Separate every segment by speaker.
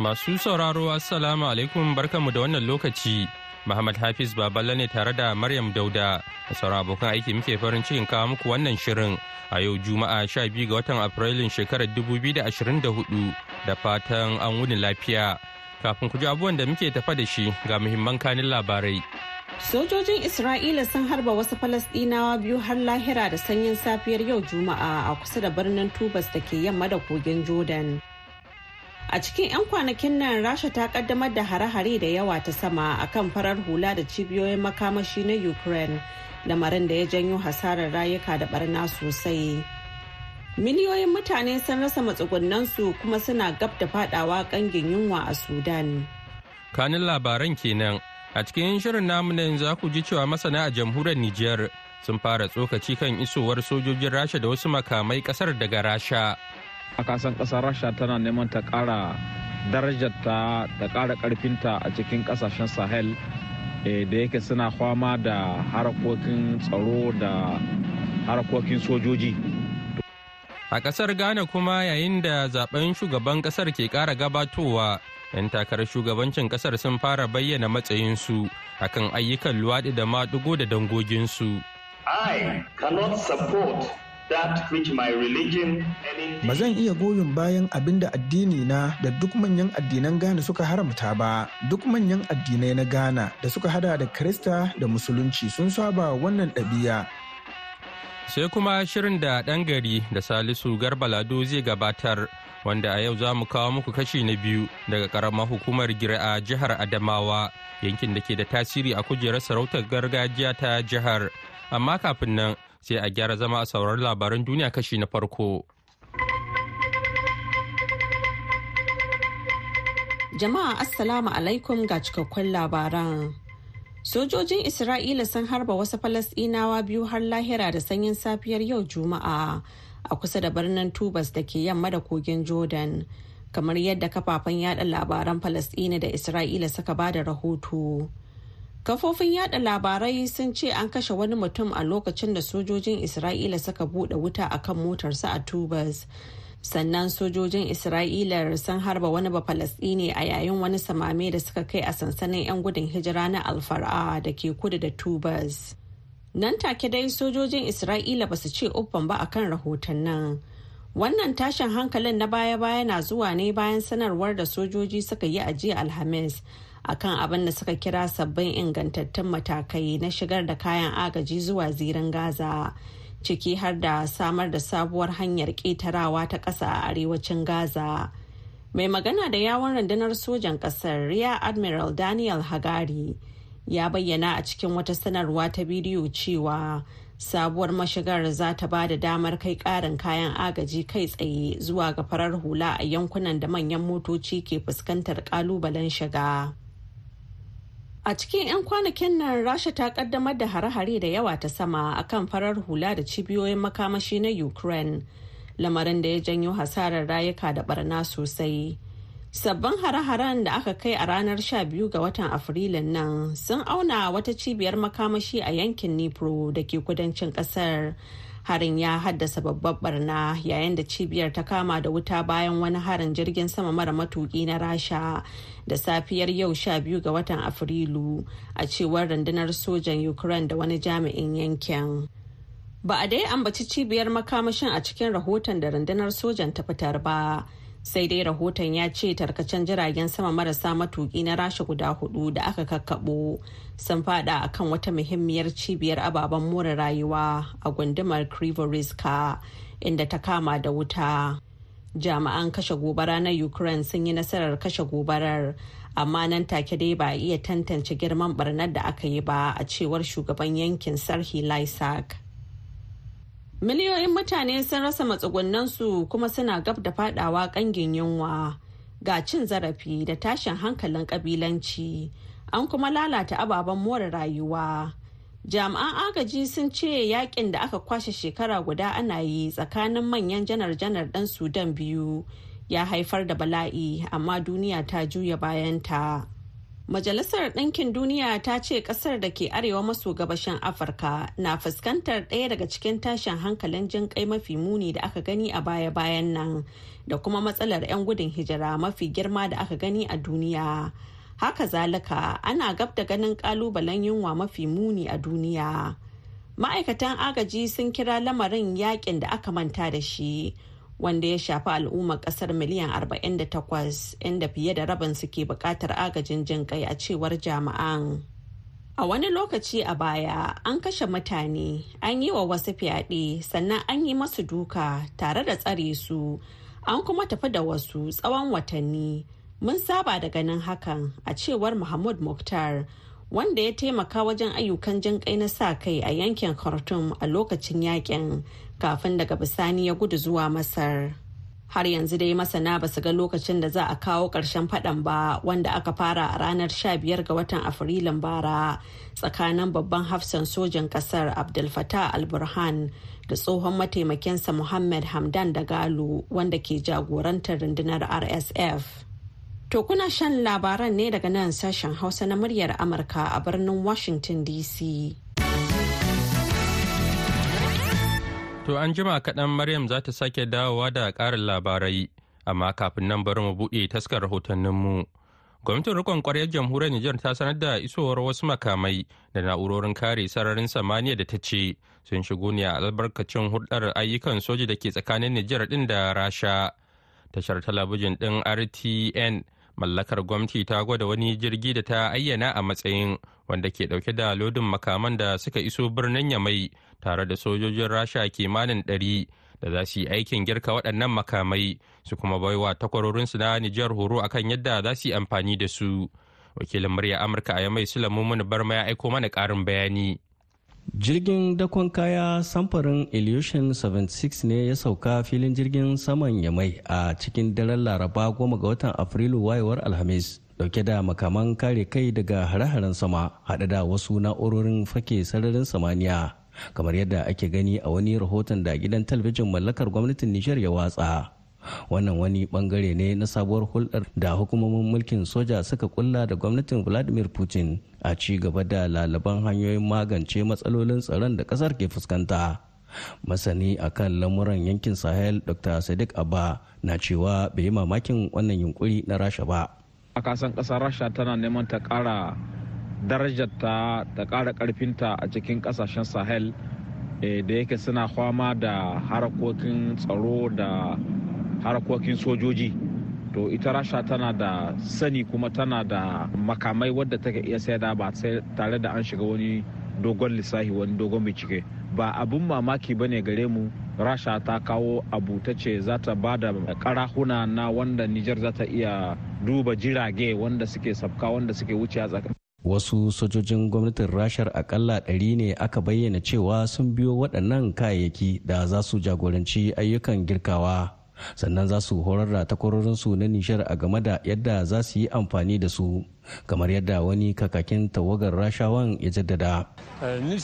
Speaker 1: Masu sauraro Assalamu alaikum barkanmu da wannan lokaci. Muhammad Hafiz Baballe ne tare da Maryam Dauda. Da sauran abokan aiki muke farin cikin kawo muku wannan shirin a yau Juma'a 12 ga watan Afrilun shekarar 2024 da fatan an wuni lafiya. Kafin ku ji abubuwan da muke tafa da shi ga muhimman kanin labarai.
Speaker 2: Sojojin Isra'ila sun harba wasu Falasɗinawa biyu har lahira da sanyin safiyar yau Juma'a a kusa da birnin Tubas da ke yamma da kogin Jordan. A cikin 'yan kwanakin nan Rasha ta kaddamar da hare-hare da yawa ta sama akan farar hula da cibiyoyin makamashi na Ukraine, lamarin da ya janyo hasarar rayuka da barna sosai. Miliyoyin mutane sun rasa su kuma suna gab da fadawa kangin yunwa a Sudan.
Speaker 1: Kanin labaran kenan a cikin shirin namu na yanzu ku ji cewa masana a jamhuriyar Nijar sun fara tsokaci kan isowar sojojin Rasha da wasu makamai kasar daga Rasha.
Speaker 3: a kasan ƙasar rasha tana neman ta ƙara darajarta da ƙara ƙarfinta a cikin ƙasashen sahel eh, da yake suna kwama da harkokin tsaro da harkokin sojoji
Speaker 1: a ƙasar ghana kuma yayin da zaben shugaban ƙasar ke ƙara gabatowa 'yan takarar shugabancin kasar sun fara bayyana matsayinsu akan ayyukan luwaɗi da maɗigo da dangoginsu.
Speaker 2: I
Speaker 4: cannot support ba zan iya goyon bayan abinda addini na da duk manyan addinan Ghana suka haramta ba duk manyan addinai na Ghana da suka hada da Krista da Musulunci sun saba wannan ɗabi'a
Speaker 1: sai kuma shirin da ɗan gari da Salisu Garbalado zai gabatar wanda a yau za mu kawo muku kashi na biyu daga ƙaramar hukumar gira a jihar adamawa yankin da ke da tasiri a kujerar sarautar gargajiya ta jihar amma kafin nan sai a gyara zama a sauraron labaran duniya kashi na farko.
Speaker 2: Jama'a Assalamu alaikum ga cikakkun labaran. Sojojin Isra'ila sun harba wasu Falasɗinawa biyu har lahira da sanyin safiyar yau Juma'a a kusa da birnin Tubas da ke yamma da kogin Jordan. Kamar yadda kafafen yada labaran Falasɗina da Isra'ila suka ba da rahoto. Kafofin yada labarai sun ce an kashe wani mutum a lokacin da sojojin Isra'ila suka bude wuta a kan motarsa a Tubas. Sannan sojojin Isra'ila sun harba wani ba falasɗini a yayin wani samame da suka kai a sansanin 'yan gudun hijira na Alfar'a da ke kudu da Tubas. Nan take dai sojojin Isra'ila ba su ce uffan ba akan rahoton nan. Wannan tashin hankalin na baya-baya na zuwa ne bayan sanarwar da sojoji suka yi a jiya Alhamis. akan abin da suka kira sabbin ingantattun matakai na shigar da kayan agaji zuwa zirin gaza ciki har da samar da sabuwar hanyar ƙetarawa ta ƙasa a arewacin gaza mai magana da yawon rundunar sojan ƙasar riya admiral daniel hagari ya bayyana a cikin wata sanarwa ta bidiyo cewa sabuwar mashigar za ta ba da damar kai ƙarin kayan agaji kai tsaye zuwa ga farar hula a yankunan da manyan motoci ke fuskantar ƙalubalen shiga. A cikin 'yan kwanakin nan Rasha ta kaddamar da hare-hare da yawa ta sama akan farar hula da cibiyoyin makamashi na Ukraine, lamarin da ya janyo hasarar rayuka da barna sosai. Sabbin hare-haren da aka kai a ranar 12 ga watan Afrilun nan sun auna wata cibiyar makamashi a yankin Nipro da ke kudancin kasar. harin ya haddasa babbar barna yayin da cibiyar ta kama da wuta bayan wani harin jirgin sama mara matuki na rasha da safiyar yau sha biyu ga watan afrilu a cewar rundunar sojan ukraine da wani jami'in yankin ba a dai ambaci cibiyar makamashin a cikin rahoton da rundunar sojan ta fitar ba sai dai rahoton ya ce tarkacen jiragen sama marasa matuki na rasha guda hudu da aka kakkabo sun fada akan wata muhimmiyar cibiyar ababen more rayuwa a gundumar krivoriska inda ta kama da wuta jami'an kashe gobara na ukraine sun yi nasarar kashe gobarar amma nan take dai ba iya tantance girman barnar da aka yi ba a cewar shugaban yankin sarhi lysak Miliyoyin mutane sun rasa su kuma suna gab da fadawa kangin yunwa ga cin zarafi da tashin hankalin kabilanci an kuma lalata ababen more rayuwa. Jami'an agaji sun ce yakin da aka kwashe shekara guda ana yi tsakanin manyan janar-janar ɗan Sudan biyu ya haifar da bala'i amma duniya ta juya bayanta. Majalisar Ɗinkin Duniya ta ce ƙasar da ke arewa maso gabashin Afirka na fuskantar ɗaya daga cikin tashin hankalin jin kai mafi muni da aka gani a baya-bayan nan da kuma matsalar 'yan gudun hijira mafi girma da aka gani a duniya. Haka zalika ana gab da ganin ƙalubalen yunwa mafi muni a duniya. Ma'aikatan agaji sun kira lamarin yakin da aka manta da shi. wanda ya shafi al'ummar kasar miliyan 48 inda fiye da rabin su ke bukatar agajin jin kai a cewar jama'an. A wani lokaci a baya an kashe mutane, an yi wa wasu fyaɗe, sannan an yi masu duka tare da tsare su, an kuma tafi da wasu tsawon watanni. Mun saba da ganin hakan a cewar Muhammad Mukhtar. wanda ya taimaka wajen ayyukan jin na sa kai a yankin khartoum a lokacin yakin kafin daga bisani ya gudu zuwa Masar. Har yanzu dai masana ba su ga lokacin da za a kawo ƙarshen faɗan ba wanda aka fara a ranar 15 ga watan Afrilun bara tsakanin babban hafsan sojan ƙasar Abdul alburhan da tsohon mataimakinsa Muhammad Hamdan da Galu wanda ke jagorantar rundunar RSF. To kuna shan labaran ne daga nan sashen Hausa na muryar Amurka a birnin Washington DC.
Speaker 1: To an jima kaɗan Maryam za ta sake dawowa da ƙarin labarai, amma kafin nan bari mu buɗe taskar rahotanninmu. Gwamnatin rikon ƙwaryar jamhuriyar Nijar ta sanar da isowar wasu makamai da na'urorin kare sararin samaniya da ta ce sun shigo ne a albarkacin hulɗar ayyukan soja da ke tsakanin Nijar ɗin da Rasha. Tashar talabijin ɗin RTN mallakar gwamnati ta gwada wani jirgi da ta ayyana a matsayin wanda ke dauke da lodin makaman da suka iso birnin yamai tare da sojojin rasha kimanin ɗari da za su yi aikin girka waɗannan makamai su kuma baiwa takwarorinsu na nijar horo akan yadda za su yi amfani da su wakilin murya amurka a yamai mun barma ya aiko mana karin bayani
Speaker 5: jirgin dakon kaya samfarin illusion 76 ne ya sauka filin jirgin saman yamai a cikin daren laraba goma ga watan afrilu wayewar alhamis dauke da makaman kare kai daga hare-haren sama hada da wasu na'urorin fake sararin samaniya kamar yadda ake gani a wani rahoton da gidan talabijin mallakar gwamnatin nijar ya watsa wannan wani bangare ne na sabuwar hulɗar da hukumomin mulkin soja suka kulla da gwamnatin vladimir putin a ci gaba da lalaban hanyoyin magance matsalolin tsaron da ƙasar ke fuskanta masani a kan lamuran yankin sahel dr sadiq abba na cewa bai yi mamakin wannan yunkuri na rasha ba
Speaker 3: a kasan ƙasar rasha tana neman ta ƙara darajarta ta ƙara ƙarfinta a cikin ƙasashen sahel eh, da yake suna fama da harkokin tsaro da harkokin sojoji to ita rasha tana da sani kuma tana da makamai wadda take iya da ba tare da an shiga wani dogon lissafi wani dogon bincike ba abun mamaki bane gare mu rasha ta kawo abu ta ce za ta ba da karahuna na wanda nijar za ta iya duba jirage wanda suke sabka wanda suke wuce a
Speaker 5: wasu sojojin gwamnatin rashar akalla ɗari ne aka bayyana cewa sun biyo waɗannan kayayyaki da za su jagoranci ayyukan girkawa sannan za su horar da su na nishar a game da yadda za su yi amfani da su kamar yadda wani kakakin tawagar rashawan ya jaddada.
Speaker 1: Euh,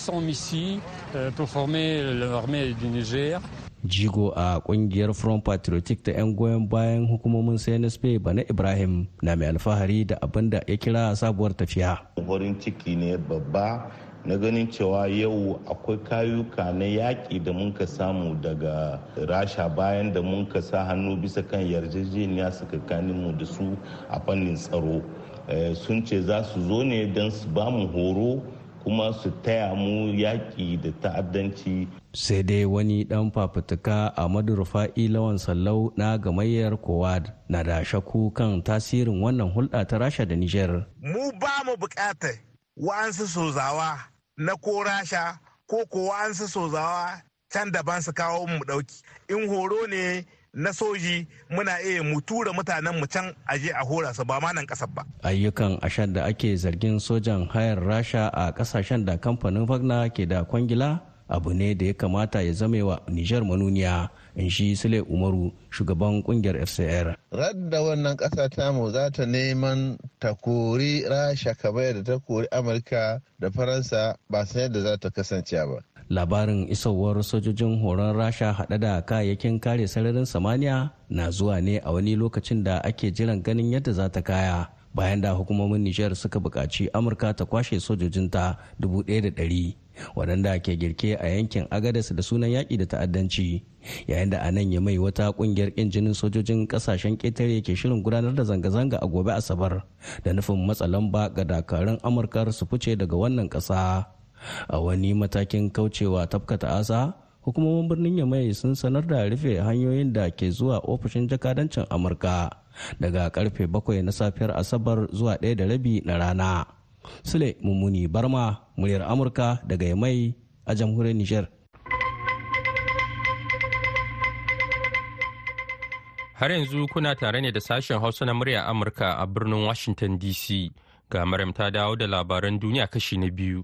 Speaker 1: euh,
Speaker 5: jigo a kungiyar front patriotic ta 'yan goyon bayan hukumomin cnsp bana ibrahim na mai alfahari da abinda ya kira sabuwar tafiya
Speaker 6: farin ciki ne babba na ganin cewa yau akwai kayuka na yaƙi da mun ka samu daga rasha bayan da mun ka sa hannu bisa kan yarjejeniya kani mu da su a fannin tsaro eh, sun ce za su zo ne don su ba mu horo kuma su taya mu yaƙi da ta'addanci.
Speaker 5: sai dai wani dan fafutuka a rufa'i lawan sallau na gamayyar kowad na da shaku kan tasirin wannan hulɗa ta rasha da niger
Speaker 4: mu ba mu buƙatar wa'ansu sozawa na ko rasha ko kowa an su sozawa can daban su kawo
Speaker 7: mu ɗauki in horo ne na soji muna iya mu tura mutanen mu can aje a hora su ba ma nan kasar ba
Speaker 5: ayyukan ashar da ake zargin sojan hayar rasha a kasashen da kamfanin vagna ke da kwangila abu ne da ya kamata ya wa nijar manuniya in shi sule umaru shugaban kungiyar fcr radda wannan ƙasa
Speaker 6: tamu za ta neman ta kori rasha kamar da ta kori amurka da faransa ba san yadda za ta kasance ba
Speaker 5: labarin isowar sojojin horon rasha hada da kayayyakin kare sararin samaniya na zuwa ne a wani lokacin da ake jiran ganin yadda za ta kaya bayan da hukumomin nijar suka bukaci amurka ta kwashe sojojinta 1,100 waɗanda ke girke a yankin agadas da sunan yaƙi da ta'addanci yayin da anan nan ya mai wata ƙungiyar ƙin jinin sojojin ƙasashen ƙetare ke shirin gudanar da zanga-zanga a gobe asabar da nufin matsa lamba ga dakarun amurka su fice daga wannan ƙasa a wani matakin kaucewa tafkata asa hukumomin birnin ya mai sun sanar da rufe hanyoyin da ke zuwa ofishin jakadancin amurka daga karfe bakwai na safiyar asabar zuwa ɗaya da rabi na rana Sule Mummuni Barma, muryar Amurka daga Yamai a jamhuriyar niger.
Speaker 1: Har yanzu kuna tare ne da sashen Hausa na muryar Amurka a birnin Washington DC. Ga maram ta dawo da labaran duniya kashi na
Speaker 7: biyu.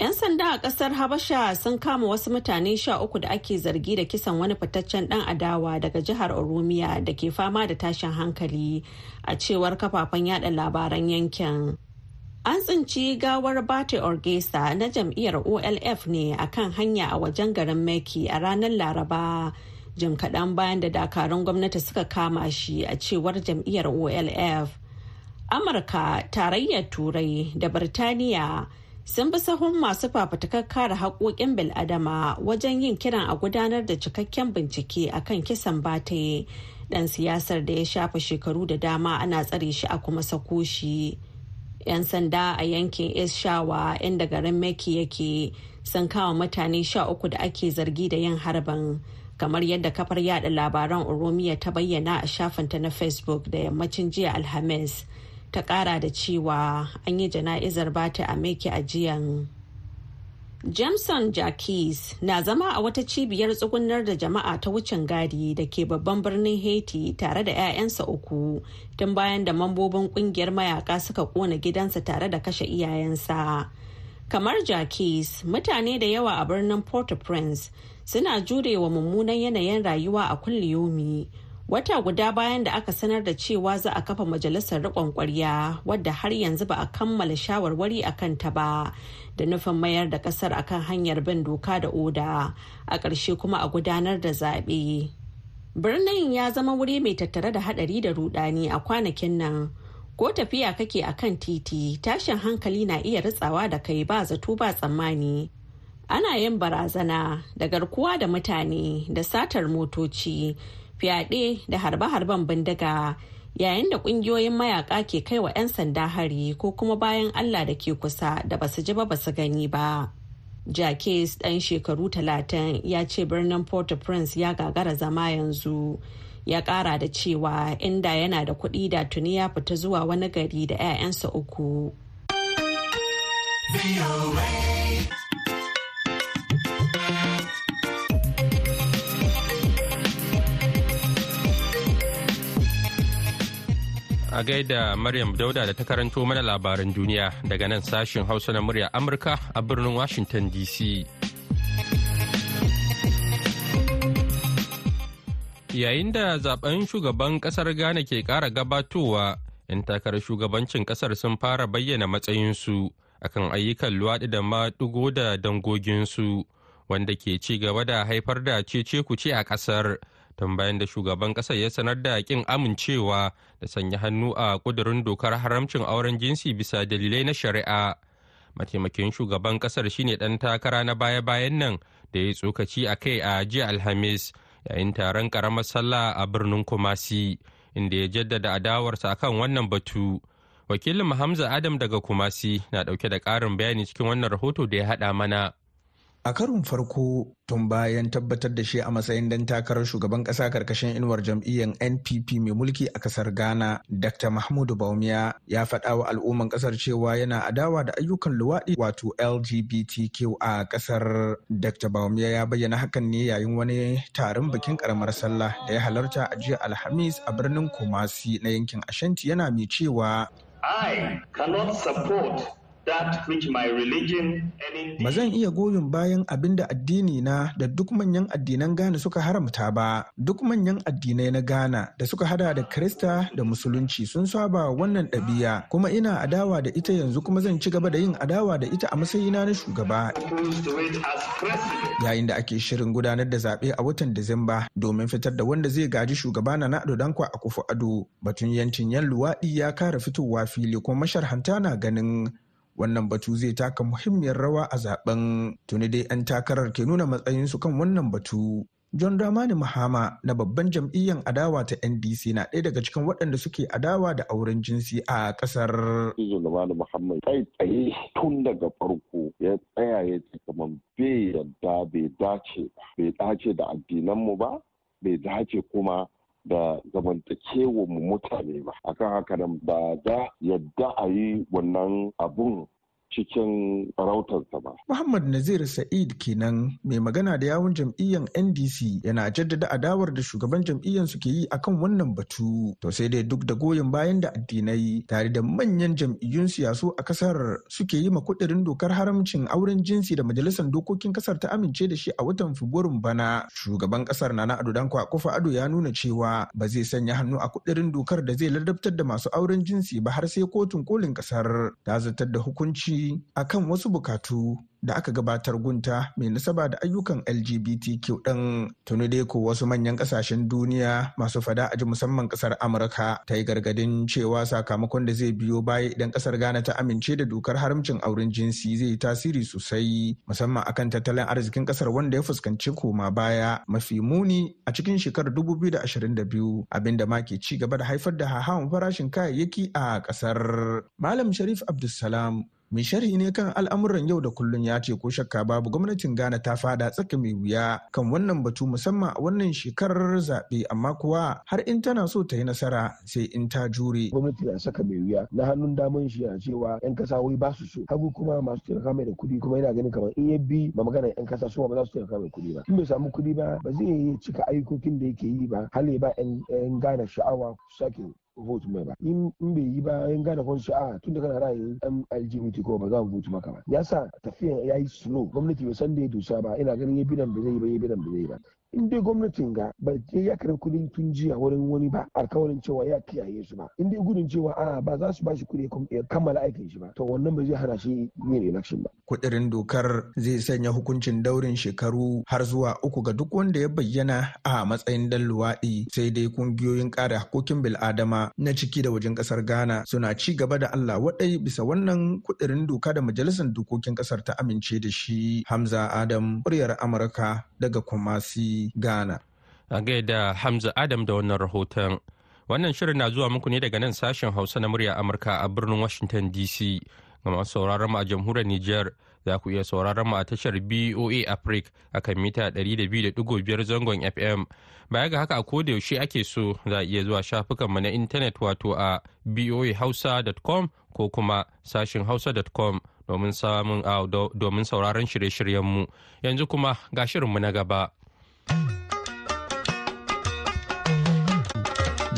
Speaker 2: 'Yan sanda a kasar Habasha sun kama wasu mutane sha uku da ake zargi da kisan wani fitaccen dan adawa daga jihar Oromiya da ke fama da tashin hankali a cewar kafafen yada labaran yankin. An tsinci gawar Bate Orgesa na jam'iyyar OLF ne a kan hanya a wajen garin Meki a ranar Laraba. Jim kaɗan bayan da dakarun gwamnati suka kama shi a cewar jam'iyyar OLF. Amurka, Tarayyar Turai da Birtaniya sun bi sahun masu fafutukar kare haƙoƙin bil'adama wajen yin kiran a gudanar da cikakken bincike a kan kisan bate ɗan siyasar da ya shafa shekaru da dama ana tsare shi a kuma sako shi 'yan sanda a yankin Eshawa inda garin Meki yake sun kawo mutane sha uku da ake zargi da yin harbin. kamar yadda kafar yada labaran oromiya ta bayyana a shafinta na facebook da yammacin jiya alhamis ta kara da cewa an yi jana'izar bata a meki a jiyan Jameson Jackies na zama a wata cibiyar tsugunar da jama'a ta wucin gadi da ke babban birnin Haiti tare da 'ya'yansa uku tun bayan da mambobin kungiyar mayaka suka kona gidansa tare da kashe iyayensa. Kamar Jackies, mutane da yawa a birnin Port-au-Prince suna jurewa mummunan yanayin rayuwa a kulliyomi wata guda bayan da aka sanar da cewa za a kafa majalisar riƙon ƙwarya wadda har yanzu ba a kammala shawarwari a kanta ba da nufin mayar da ƙasar akan hanyar bin doka da oda a ƙarshe kuma a gudanar da zaɓe birnin ya zama wuri mai tattare da haɗari da rudani a kwanakin nan ko tafiya kake a kan titi tashin hankali na iya ritsawa da kai ba zato ba tsammani ana yin barazana da garkuwa da mutane da satar motoci fyaɗe da harbe-harben bindiga yayin da ƙungiyoyin mayaka ke kai wa 'yan sanda hari ko kuma bayan Allah da ke kusa da ba su ji ba su gani ba. Jakes ɗan shekaru talatin ya ce birnin Port-au-Prince ya gagara zama yanzu. Ya ƙara da cewa inda yana da kuɗi da tuni ya fita zuwa wani gari da 'ya'yansa uku.
Speaker 1: A gaida Maryam Dauda da ta karanto mana labaran duniya daga nan sashen Hausa na murya Amurka a birnin Washington DC. Yayin da zaben shugaban kasar Ghana ke kara gabatowa, 'yan takarar shugabancin kasar sun fara bayyana matsayinsu akan ayyukan luwaɗi da maɗigo da dangoginsu, wanda ke cigaba da haifar da cece ce a ƙasar. tun bayan da shugaban ƙasar ya sanar da yakin amincewa da sanya hannu a ƙudurin dokar haramcin auren jinsi bisa dalilai na shari'a mataimakin shugaban kasar shine ɗan takara na baya-bayan nan da ya tsokaci a kai a jiya alhamis yayin taron karamar sallah a birnin kumasi inda ya jaddada adawarsa akan wannan batu wakilin hamza adam daga kumasi na ɗauke da ƙarin bayani cikin wannan rahoto da ya haɗa mana
Speaker 4: A karon farko tun bayan tabbatar da shi a matsayin dan takarar shugaban ƙasa karkashin inuwar jam'iyyar NPP mai mulki a ƙasar Ghana, Dr. Mahmudu Baumiya ya faɗa wa al'umman ƙasar cewa yana adawa da ayyukan luwaɗi wato LGBTQ a ƙasar. Dr. Baumiya ya bayyana hakan ne yayin wani taron bikin karamar sallah da ya halarta a jiya Alhamis a birnin Kumasi na yankin Ashanti yana mai cewa
Speaker 6: I cannot support
Speaker 4: Ba zan iya goyon bayan abin da addini na da duk manyan addinan Ghana suka haramta ba. Duk manyan addinai na Ghana da suka hada da Krista da Musulunci sun saba wannan ɗabi'a kuma ina adawa da ita yanzu kuma zan ci gaba da yin adawa da ita a matsayina na shugaba. Yayin da ake shirin gudanar da zaɓe a watan Disamba domin fitar da wanda zai gaji shugaba na na Dankwa kufu Ado batun yancin yan luwaɗi ya kara fitowa fili kuma masharhanta na ganin wannan batu zai taka muhimmiyar rawa a zaben tuni dai 'yan takarar ke nuna matsayinsu kan wannan batu John Dramani Mahama na babban jam'iyyar adawa ta NDC na ɗaya daga cikin waɗanda suke adawa da auren jinsi a ƙasar. John Dramani Mahama tsaye
Speaker 7: tsaye tun daga farko ya tsaya ya ce kamar bai yadda bai dace bai dace da addinanmu ba bai dace kuma da zamantakewa mu mutane ba akan haka nan ba za yadda a yi wannan abun cikin
Speaker 5: rautarsa ba.
Speaker 4: Muhammad Nazir Sa'id kenan mai magana da yawun jam'iyyar NDC yana jaddada adawar da shugaban jam'iyyar su ke yi akan wannan batu. To sai dai duk da goyon bayan da addinai tare da manyan jam'iyyun siyasu a kasar suke yi ma kuɗirin dokar haramcin auren jinsi da majalisar dokokin kasar ta amince da shi a watan Fabrairu bana. Shugaban kasar Nana Ado Danko Akufo Ado ya nuna cewa ba zai sanya hannu a kudirin dokar da zai ladabtar da masu auren jinsi ba har sai kotun kolin kasar ta zartar da hukunci a akan wasu bukatu da aka gabatar gunta mai nasaba da ayyukan lgbtq ɗin tuni dai ko wasu manyan ƙasashen duniya masu fada ji musamman ƙasar amurka ta yi gargadin cewa sakamakon da zai biyo baya idan ƙasar ghana ta amince da dokar haramcin auren jinsi zai yi tasiri sosai musamman akan tattalin arzikin ƙasar wanda ya fuskanci koma baya mafi muni a cikin shekarar biyu 2022 abinda ma ke ci gaba da haifar da hahawan farashin kayayyaki a ƙasar malam sharif abdulsalam mai sharhi ne kan al'amuran yau da kullun ya ce ko shakka babu gwamnatin ghana ta fada tsaka mai wuya kan wannan batu musamman a wannan shekarar zaɓe amma kuwa har in tana so ta yi nasara sai in ta jure gwamnati na saka mai wuya na hannun daman shi yana cewa yan kasa wai ba su so hagu kuma masu taimaka mai da kuɗi kuma yana ganin kamar in ya bi ba magana yan kasa su ba za su taimaka mai kuɗi ba in bai samu kuɗi ba ba zai cika ayyukokin da yake yi ba hali ba yan ghana sha'awa sake vote mai ba in bai yi ba in gane kwan shi a ah, tun da kana ra'ayin yan lgbt ko ba za mu vote maka ba yasa tafiya ya yi slow gwamnati bai san da ya dusa ba ina ganin ya nan ba zai yi ba ya nan ba zai yi ba in dai gwamnatin ga ba je ya karɓi kuɗin tun jiya wurin wani ba alkawarin cewa ya kiyaye su ba in dai gudun cewa ana ba za su ba shi kuɗi ya kammala aikin shi ba to wannan ba zai hana shi yin election ba. kudirin dokar zai sanya hukuncin daurin shekaru har zuwa uku ga duk wanda ya bayyana a matsayin dan luwaɗi sai dai kungiyoyin kare hakokin bil'adama na ciki da wajen ƙasar ghana suna ci gaba da allah waɗai bisa wannan kudirin doka da majalisar dokokin ƙasar ta amince da shi hamza adam muryar amurka daga kumasi Ghana.
Speaker 1: A gaida Hamza Adam da wannan rahoton. Wannan shirin na zuwa muku ne daga nan sashen Hausa na murya Amurka a birnin Washington DC. Ga sauraron mu a jamhuriyar Nijar za ku iya sauraron mu a tashar BOA Africa a kan mita 200.5 zangon FM. Baya ga haka a koda yaushe ake so za a iya zuwa shafukan mu na intanet wato a boahausa.com ko kuma sashen hausa.com ah, domin sauraron shirye shiryen mu Yanzu kuma ga mu na gaba.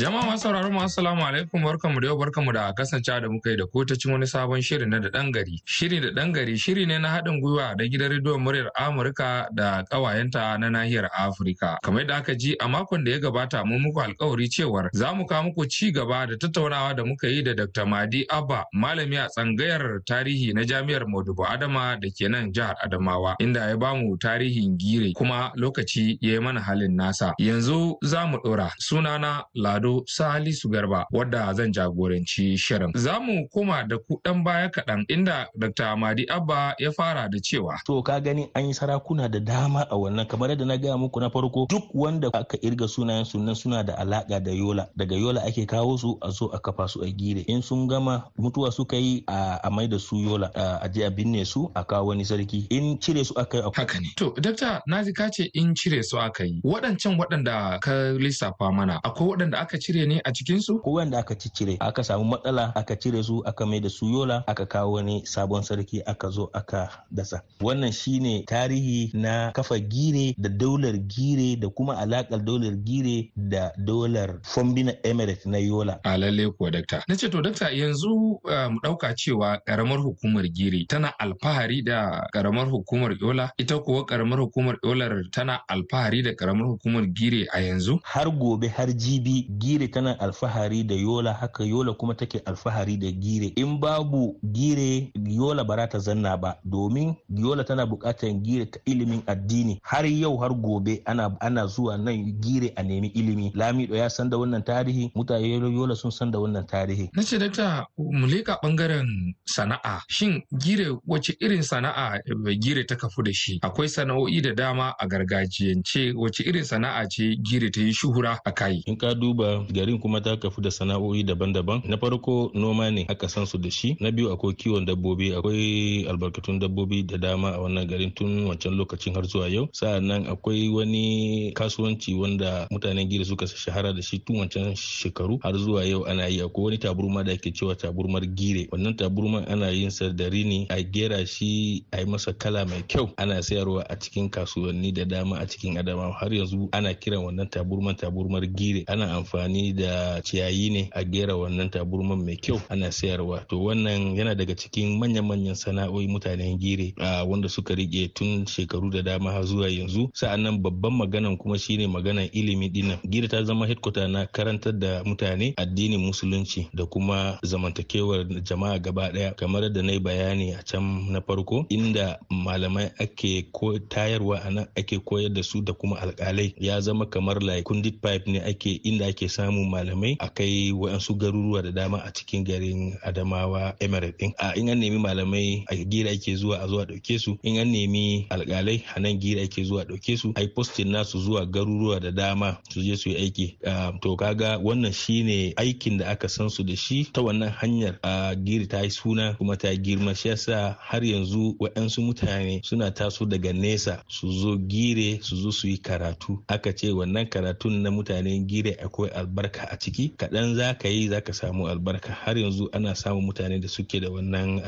Speaker 7: Jama'a masu sauraro mu assalamu alaikum barkamu da yau barkamu da kasance da muka yi da kotacin wani sabon shiri na da dan gari. Shiri da dan gari shiri ne na haɗin gwiwa da gidan rediyon muryar Amurka da kawayenta na nahiyar Afirka. Kamar da aka ji a makon da ya gabata mun muku alkawari cewar za mu kawo muku ci gaba da tattaunawa da muka yi da Dr. Madi Abba malami a tsangayar tarihi na Jami'ar Modubo Adama da ke nan jihar Adamawa inda ya bamu tarihin gire kuma lokaci ya yi mana halin nasa. Yanzu za mu ɗora sunana Lado Ado Salisu Garba wadda zan jagoranci shirin. Za mu koma da ku ɗan baya kaɗan inda Dr. Madi Abba ya fara da cewa. To
Speaker 6: ka gani an yi sarakuna da dama a wannan kamar yadda na gaya muku na farko duk wanda aka irga sunayen sunan suna da alaka da Yola daga Yola ake kawo su a zo a kafa su a gire in sun gama mutuwa suka yi a mai da su Yola a je a binne
Speaker 7: su a kawo wani sarki in cire su aka yi. Haka ne. To Dr. Nazi ka ce in cire su aka yi waɗancan waɗanda ka lissafa mana akwai waɗanda aka aka cire ne a cikin su ko wanda aka
Speaker 6: cire aka samu matsala aka cire su aka mai da su yola aka kawo wani sabon sarki aka zo aka dasa wannan shine tarihi na kafa gire da daular gire da kuma alakar daular gire da daular fombina emirate na yola a lalle
Speaker 7: kuwa dakta na ce to dakta yanzu eh, mu dauka cewa karamar hukumar gire tana alfahari da karamar hukumar yola ita kuwa karamar hukumar yolar tana alfahari da karamar hukumar gire a yanzu har gobe har jibi gire tana alfahari da yola
Speaker 6: haka yola kuma take alfahari da gire in babu gire yola ba ta zanna ba domin yola tana bukatar gire ta ilimin addini har yau har gobe ana, ana zuwa nan gire a nemi ilimi lamido ya san da wannan tarihi mutane yola sun san da wannan
Speaker 7: tarihi na ce dakta mu leka bangaren sana'a shin gire wace irin sana'a eh, gire ta kafu da shi akwai sana'o'i da dama a gargajiyance wace irin sana'a ce gire ta yi shuhura a kai in ka duba garin kuma ta kafu da sana'o'i
Speaker 6: daban-daban na farko noma ne aka san su da shi na biyu akwai kiwon dabbobi akwai albarkatun dabbobi da dama a wannan garin tun wancan lokacin har zuwa yau sa'annan akwai wani kasuwanci wanda mutanen gida suka shahara da shi tun wancan shekaru har zuwa yau ana yi akwai wani taburma da ake cewa taburmar gire wannan taburman ana yin sa da rini a gera shi a yi masa kala mai kyau ana sayarwa a cikin kasuwanni da dama a cikin adama har yanzu ana kiran wannan taburman taburmar gire ana amfani amfani da ciyayi ne a gera wannan taburman mai kyau ana sayarwa to wannan yana daga cikin manya-manyan sana'o'i mutanen gire wanda suka rike tun shekaru da dama har zuwa yanzu sa'annan babban maganan kuma shine maganan ilimi dinnan gire ta zama headquarter na karantar da mutane addinin musulunci da kuma zamantakewar jama'a gaba daya kamar da na bayani a can na farko inda malamai ake tayarwa a nan ake koyar da su da kuma alkalai ya zama kamar like kundit pipe ne ake inda ake samun malamai akai waɗansu garuruwa da dama a cikin garin adamawa emirate din a in an nemi malamai a gira ake zuwa a zuwa ɗauke su in an nemi alƙalai a nan gira ake zuwa ɗauke su ai postin nasu zuwa garuruwa da dama su je su yi aiki to kaga wannan shine aikin da aka san su da shi ta wannan hanyar a giri ta yi suna kuma ta girma shi yasa har yanzu waɗansu mutane suna taso daga nesa su zo gire su zo su yi karatu aka ce wannan karatun na mutanen gire akwai albarka a ciki kaɗan za ka yi za ka samu albarka har yanzu ana samun mutane da suke da wannan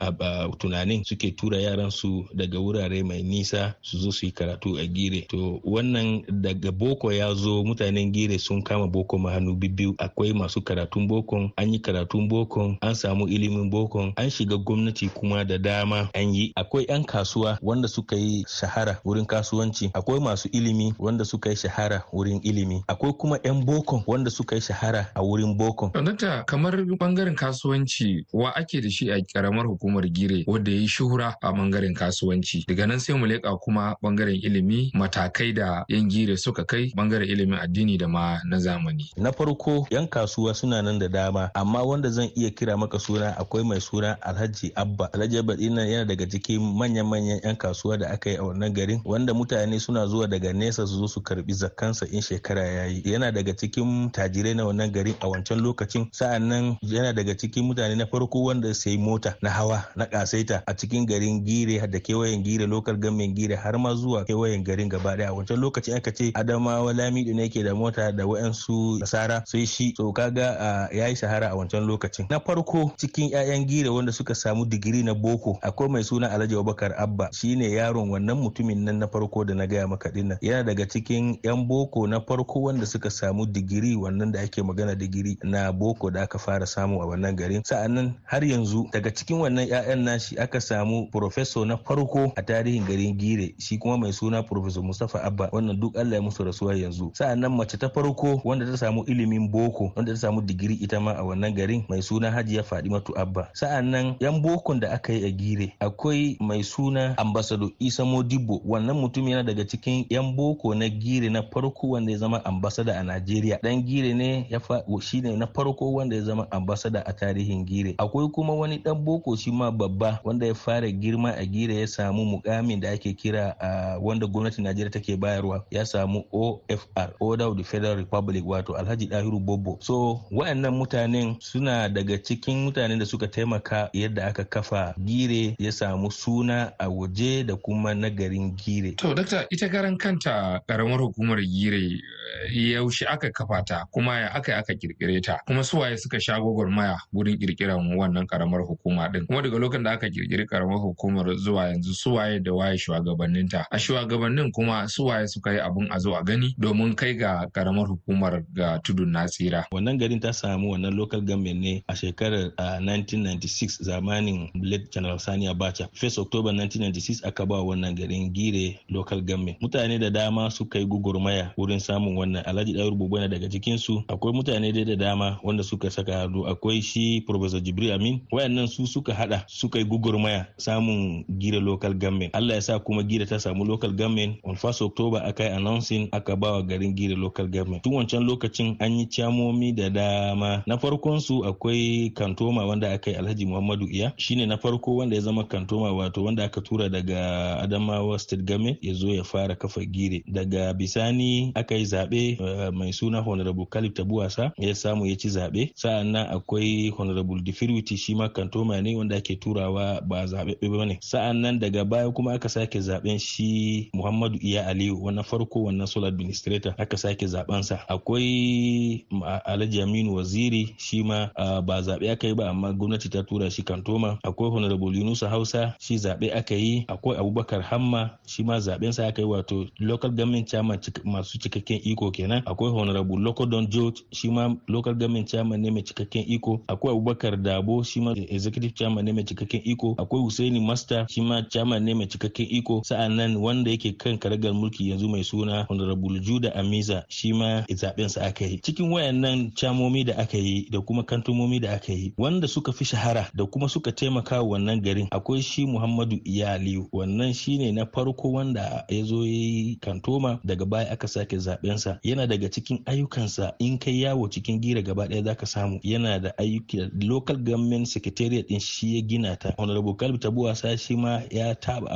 Speaker 6: um, tunanin suke tura yaransu daga wurare mai nisa su zo su yi karatu a gire to wannan daga boko ya zo mutanen gire sun kama boko ma hannu biyu akwai masu karatun bokon an yi karatun bokon an samu ilimin bokon an shiga gwamnati kuma da dama an yi akwai 'yan kasuwa wanda suka yi shahara wurin kasuwanci akwai masu ilimi wanda suka
Speaker 7: yi shahara wurin ilimi akwai kuma 'yan boko bokon wanda suka yi shahara a wurin bokon. Sanata kamar bangaren kasuwanci wa ake da shi a karamar hukumar gire wadda ya yi shuhura a bangaren kasuwanci. Daga nan sai mu leƙa kuma bangaren ilimi matakai da yan gire suka kai bangaren ilimin addini da ma na zamani.
Speaker 6: Na farko yan kasuwa suna
Speaker 7: nan da dama
Speaker 6: amma wanda zan iya kira maka suna akwai mai suna Alhaji Abba. Alhaji Abba yana daga cikin manya-manyan yan kasuwa da aka yi a wannan garin wanda mutane suna zuwa daga nesa su zo su karbi zakkansa in shekara yayi. Yana daga cikin cikin tajirai na wannan garin a wancan lokacin sa'an nan yana daga cikin mutane na farko wanda sai mota na hawa na kasaita a cikin garin gire da kewayen gire lokar gamin gire har ma zuwa kewayen garin gaba daya a wancan lokacin aka ce adamawa lamido ne ke da mota da wayansu nasara sai shi to kaga ya yi shahara a wancan lokacin na farko cikin 'ya'yan gire wanda suka samu digiri na boko akwai mai suna alhaji abubakar abba shine yaron wannan mutumin nan na farko da na gaya maka dinnan yana daga cikin 'yan boko na farko wanda suka samu digiri digiri wannan da ake magana digiri na boko da aka fara samu a wannan garin sa'annan har yanzu daga cikin wannan 'ya'yan nashi aka samu professor na farko a tarihin garin gire shi kuma mai suna professor mustapha abba wannan duk allah ya musu rasuwa yanzu sa'annan mace ta farko wanda ta samu ilimin boko wanda ta samu digiri ita ma a wannan garin mai suna hajiya fadimatu abba sa'annan yan bokon da aka yi a gire akwai mai suna ambassador isa modibo wannan mutum yana daga cikin yan boko na gire na farko wanda ya zama ambasada a najeriya Gambia. Dan Gire ne ya shi ne na farko wanda ya zama ambasada a tarihin Gire. Akwai kuma wani dan boko shi ma babba wanda ya fara girma a Gire ya samu mukamin da ake kira a wanda gwamnatin Najeriya take bayarwa ya samu OFR Order of the Federal Republic wato Alhaji Dahiru Bobo. So wayannan mutanen suna daga cikin mutanen da suka taimaka yadda aka kafa Gire ya samu
Speaker 7: suna a waje da kuma na garin Gire. To dakta ita garan kanta karamar hukumar Gire eh, yaushe aka kafa kafa ta kuma ya aka aka kirkire ta kuma suwaye suka sha gwagwarmaya wurin kirkiran wannan karamar hukuma din kuma daga lokacin da aka kirkiri karamar hukumar zuwa yanzu suwaye da waye shugabannin ta a shugabannin kuma suwaye suka yi abun a zo a gani domin kai ga karamar hukumar ga tudun Nasira? wannan garin ta samu wannan local
Speaker 6: government ne a shekarar 1996 zamanin late general sani abacha 1 october 1996 aka ba wannan garin gire local government mutane da dama suka yi gugurmaya wurin samun wannan alhaji dawar bubu da daga cikinsu akwai mutane dai da dama wanda suka saka hannu akwai shi Professor Jibril Amin wayannan su suka hada suka yi maya samun gira local government Allah ya sa kuma gira ta samu local government on first October aka yi announcing aka bawa garin gira local government tun wancan lokacin an yi camomi da dama na farkon su akwai kantoma wanda aka yi Alhaji Muhammadu Iya shine na farko wanda ya zama kantoma wato wanda aka tura daga Adamawa State government ya zo ya fara kafa gire daga bisani aka yi zaɓe eh, mai suna honorable kalib tabuwasa ya samu ya ci zaɓe sa'an nan akwai honorable Difiruti shi ma kantoma ne wanda ake turawa ba zaɓe ba ne sa'an nan daga baya kuma aka sake zaɓen shi muhammadu iya aliyu wannan farko wannan sole administrator aka sake zaɓen sa akwai mm, alhaji aminu waziri shi ma ba zaɓe aka yi ba amma gwamnati ta tura shi kantoma akwai honorable yunusa hausa shi zaɓe aka yi akwai abubakar hamma shi ma zaɓen sa aka yi wato local government chairman masu cikakken iko kenan akwai honorable Uloko Don George shi ma local government chairman ne mai cikakken iko akwai Abubakar Dabo shi ma executive chairman ne mai cikakken iko akwai Hussaini Master shi ma chairman ne mai cikakken iko nan wanda yake kan karagar mulki yanzu mai suna Honorable Juda Amiza shi ma zaben sa aka yi cikin wayannan chamomi da aka yi da kuma kantumomi da aka yi wanda suka fi shahara da kuma suka taimaka wannan garin akwai shi Muhammadu Iyaliyu wannan shine na farko wanda ya zo yi kantoma daga baya aka sake zaben sa yana daga cikin ayyuka ayyukansa in kai yawo cikin gira gaba ɗaya zaka samu yana da ayyuka local government secretariat din shi ya gina ta honorable kalbi sa shi ma ya taba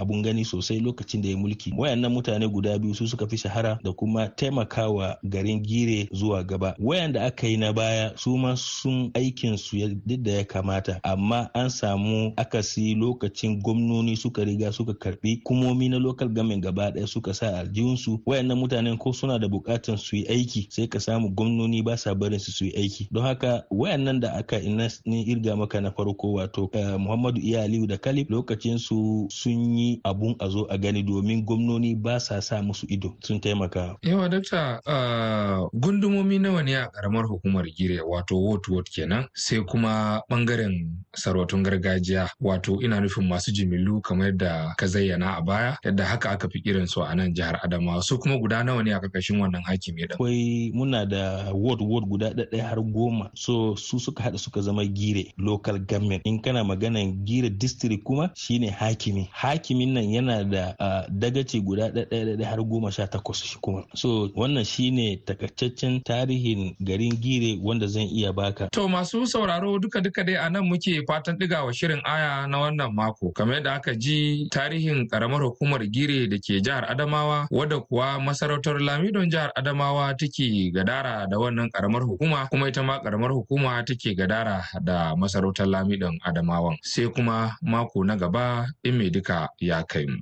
Speaker 6: abun gani sosai lokacin da ya mulki wayannan mutane guda biyu su suka fi shahara da kuma taimakawa garin gire zuwa gaba wayanda aka yi na baya su ma sun aikin su yadda ya kamata amma an samu akasi lokacin gwamnoni suka riga suka karbi kumomi na local government gaba ɗaya suka sa aljihunsu wayannan mutanen ko suna da bukatan su yi aiki sai ka samu gwamnoni ba sa barin su su yi aiki don haka wayannan da aka ni irga maka na farko wato eh, Muhammadu Iya e. Aliyu da Kalif lokacin su sun yi abun a zo a gani domin gwamnoni ba sa sa musu ido sun taimaka.
Speaker 7: Yawa dakta ah, gundumomi nawa ne a karamar hukumar gire wato wot wot kenan sai kuma bangaren sarwatun gargajiya wato ina nufin masu jimillu kamar da ka zayyana a baya yadda haka aka fi irin a nan jihar Adamawa su kuma guda nawa ne a karkashin wannan hakimi din. akwai muna da ward ward guda ɗaya har goma so
Speaker 6: su suka haɗa suka zama gire local government in kana maganan gire district kuma shine hakimi hakimin nan yana da dagace guda ɗaya har goma sha takwas shi kuma so wannan shine takaitaccen tarihin garin gire wanda zan iya baka to
Speaker 7: masu sauraro duka duka dai nan muke fatan ɗigawa shirin aya na wannan mako kamar da aka ji tarihin karamar hukumar gire da ke jihar adamawa wadda kuwa masarautar lamidon jihar adamawa take gadara da wannan karamar hukuma kuma ita ma karamar hukuma take gadara da masarautar lamidan adamawan sai kuma mako na gaba in mai duka ya kai mu.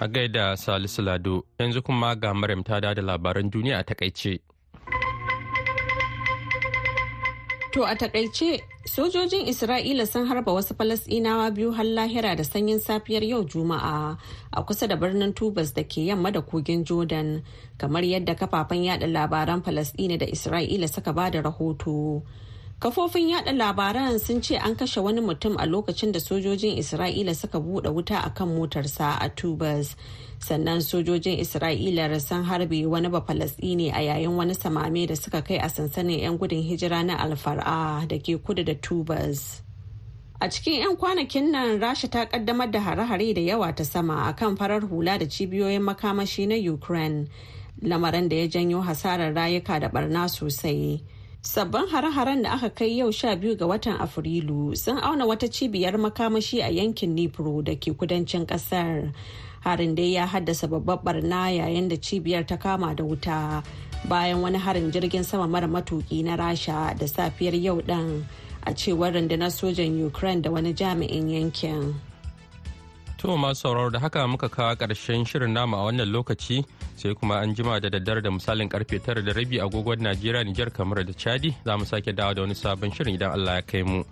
Speaker 1: a gaida salisu lado yanzu kuma ga maryam ta da labaran duniya a takaice.
Speaker 2: To a takaice sojojin Isra'ila sun harba wasu Falasɗinawa biyu har lahira da sanyin safiyar yau Juma'a a kusa da birnin Tubas da ke yamma da kogin Jordan kamar yadda kafafen yada labaran Falasɗina da Isra'ila suka ba da rahoto. Kafofin yada labaran sun ce an kashe wani mutum a lokacin da sojojin Isra'ila suka buɗe wuta a kan motarsa a Tubas. Sannan sojojin Isra'ila sun harbe wani Bafalasɗini a yayin wani samame da suka kai a sansanin 'yan gudun hijira na Alfar'a da ke kudu da Tubas. A cikin 'yan kwanakin nan Rasha ta kaddamar da hare-hare da yawa ta sama a kan farar hula da cibiyoyin makamashi na Ukraine, lamarin da ya janyo hasarar rayuka da barna sosai. sabbin hare-haren da aka kai yau sha biyu ga watan afrilu sun auna wata cibiyar makamashi a yankin nipro da ke kudancin kasar harin dai ya haddasa babbar barna yayin da cibiyar ta kama da wuta bayan wani harin jirgin sama mara matuki na rasha da safiyar yau ɗan a cewar rundunar sojan ukraine da wani jami'in yankin
Speaker 1: To masu sauraro da haka muka kawo ƙarshen shirin nama a wannan lokaci sai kuma an jima da daddare da misalin karfe tara da rabi agogon Najeriya Nijar kamar da Chadi za mu sake dawo da wani sabon shirin idan Allah ya kai mu.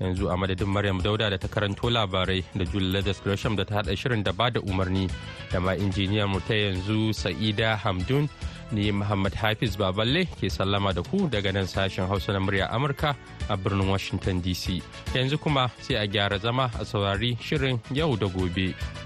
Speaker 1: Yanzu a madadin Maryam Dauda da ta karanto labarai da Julie Ledes Gresham da ta haɗa shirin da ba da umarni da ma injiniyar mu ta yanzu Sa'ida Hamdun. ni Muhammad Hafiz Baballe ke sallama da ku daga nan sashen Hausa na murya Amurka a birnin Washington DC. Yanzu kuma sai a gyara zama a saurari shirin yau da gobe.